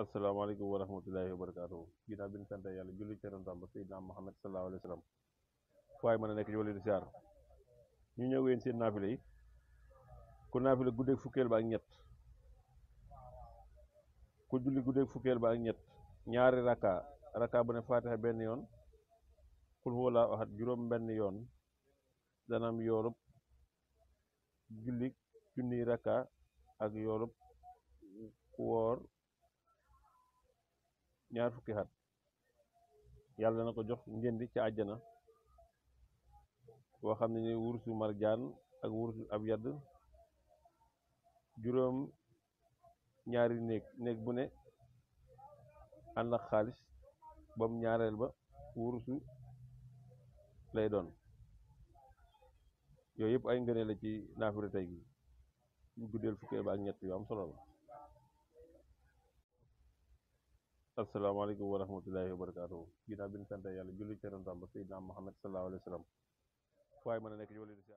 asalaamaaleykum wa rahmatullahi wa barakaatuhu ginnaaw yàlla julli ci yonentam ba Seydina Muhammad sallallahu alayhi wa sallam waaye mën a nekk ñu leen siyaar ñu ñëw yéen seen naafile ku naafile guddeeg fukkeel ba ak ñett ku julli guddeeg fukkeel ba ak ñett ñaari rakka rakka bu ne faatiha benn yoon xul huwa laa ahad juróom benn yoon dana am yoolub julli junniy rakka ak yoolub ku woor ñaar fukki xat yàlla na ko jox njënd ci àjjana boo xam ne ni wursu marjaan ak wursu ab yadd juróom ñaari néeg néeg bu ne ànd xaalis bam ñaareel ba wurusu lay doon yooyu yëpp ay ngëneel la ci naafure tey gi ñu guddeel fukkee ba ak ñett yu am solo la asalaamaaleykum wa rahmatullahi wa barakaatu ginnaaw bi ñu sant yàlla julli ci yonentam ba Seydina Muhammad sallallahu alayhi wa sallam waaye mën a nekk yow leen si